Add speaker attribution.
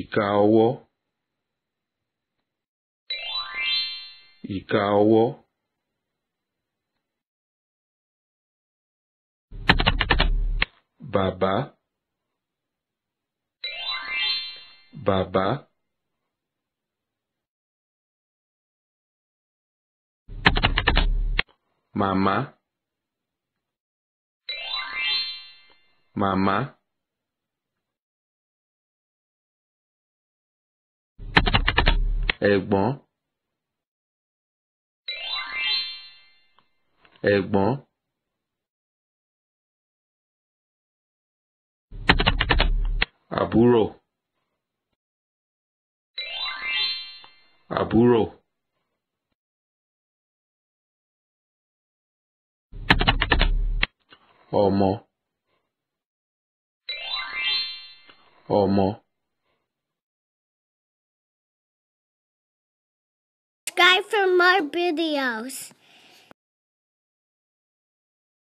Speaker 1: ikawo ikawo
Speaker 2: baba baba mama mama ẹ̀gbọ́n ẹ̀gbọ́n. àbúrò àbúrò. ọmọ ọmọ subscribe for more videos.